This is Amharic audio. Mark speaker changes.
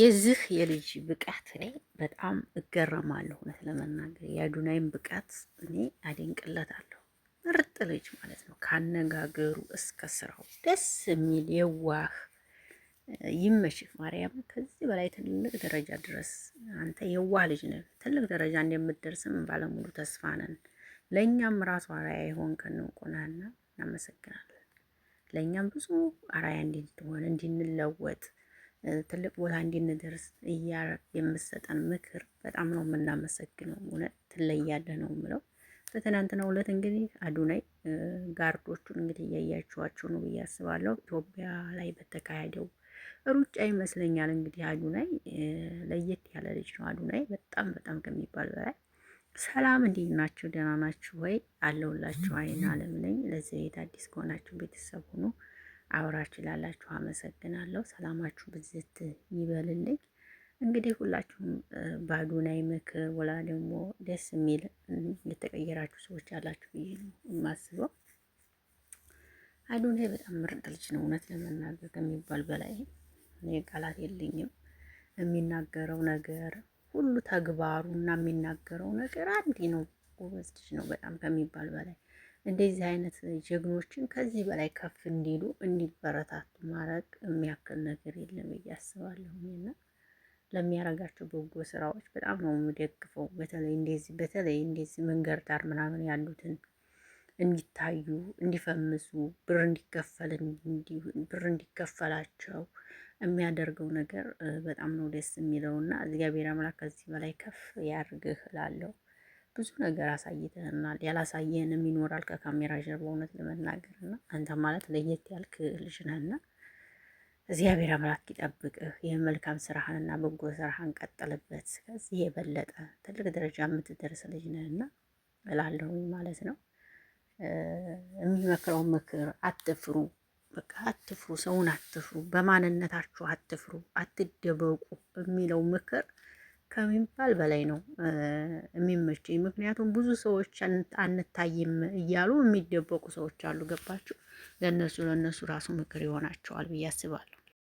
Speaker 1: የዚህ የልጅ ብቃት እኔ በጣም እገረማለሁ። እውነት ለመናገር የአዱናይን ብቃት እኔ አደንቅለታለሁ። ምርጥ ልጅ ማለት ነው። ካነጋገሩ እስከ ስራው ደስ የሚል የዋህ ይመችህ። ማርያም ከዚህ በላይ ትልቅ ደረጃ ድረስ አንተ የዋህ ልጅ ነህ። ትልቅ ደረጃ እንደምትደርስም ባለሙሉ ተስፋ ነን። ለእኛም ራሱ አራያ የሆንከን ቁናና እናመሰግናለን። ለእኛም ብዙ አራያ እንድንሆን እንድንለወጥ ትልቅ ቦታ እንድንደርስ እያረግ የምሰጠን ምክር በጣም ነው የምናመሰግነው። እውነት ትለያለህ ነው የምለው። በትናንትናው ዕለት እንግዲህ አዱናይ ጋርዶቹን እንግዲህ እያያችኋቸው ነው ብዬ አስባለሁ። ኢትዮጵያ ላይ በተካሄደው ሩጫ ይመስለኛል እንግዲህ አዱናይ ለየት ያለ ልጅ ነው። አዱናይ በጣም በጣም ከሚባል በላይ ሰላም፣ እንዴት ናችሁ? ደህና ናችሁ ወይ? አለሁላችሁ። አይን አለም ነኝ። ለዚህ ቤት አዲስ ከሆናችሁ ቤተሰብ ሁኑ። አብራችሁ ላላችሁ አመሰግናለሁ። ሰላማችሁ ብዝት ይበልልኝ። እንግዲህ ሁላችሁም ባዶናይ ምክር ወላ ደግሞ ደስ የሚል የተቀየራችሁ ሰዎች አላችሁ ብዬ ነው የማስበው። አዶናይ በጣም ምርጥ ልጅ ነው፣ እውነት ለመናገር ከሚባል በላይ እኔ ቃላት የለኝም። የሚናገረው ነገር ሁሉ ተግባሩ እና የሚናገረው ነገር አንድ ነው። ጎበዝ ልጅ ነው በጣም ከሚባል በላይ እንደዚህ አይነት ጀግኖችን ከዚህ በላይ ከፍ እንዲሉ እንዲበረታቱ ማድረግ የሚያክል ነገር የለም እያስባለሁ እና ለሚያደርጋቸው በጎ ስራዎች በጣም ነው የምደግፈው። በተለይ እንደዚህ በተለይ እንደዚህ መንገድ ዳር ምናምን ያሉትን እንዲታዩ እንዲፈምሱ ብር እንዲከፈል ብር እንዲከፈላቸው የሚያደርገው ነገር በጣም ነው ደስ የሚለው እና እግዚአብሔር አምላክ ከዚህ በላይ ከፍ ያድርግህ እላለሁ። ብዙ ነገር አሳይተህናል። ያላሳየህንም ይኖራል ከካሜራ ጀርባ እውነት ለመናገር እና አንተ ማለት ለየት ያልክ ልጅ ነህና እግዚአብሔር አምላክ ይጠብቅህ። ይህን መልካም ስራህንና በጎ ስራህን ቀጥልበት። ከዚህ የበለጠ ትልቅ ደረጃ የምትደርስ ልጅ ነህና እላለሁኝ ማለት ነው። የሚመክረው ምክር አትፍሩ፣ በቃ አትፍሩ፣ ሰውን አትፍሩ፣ በማንነታችሁ አትፍሩ፣ አትደበቁ የሚለው ምክር ከሚባል በላይ ነው የሚመቸኝ። ምክንያቱም ብዙ ሰዎች አንታይም እያሉ የሚደበቁ ሰዎች አሉ። ገባችሁ? ለእነሱ ለእነሱ ራሱ ምክር ይሆናቸዋል ብዬ አስባለሁ።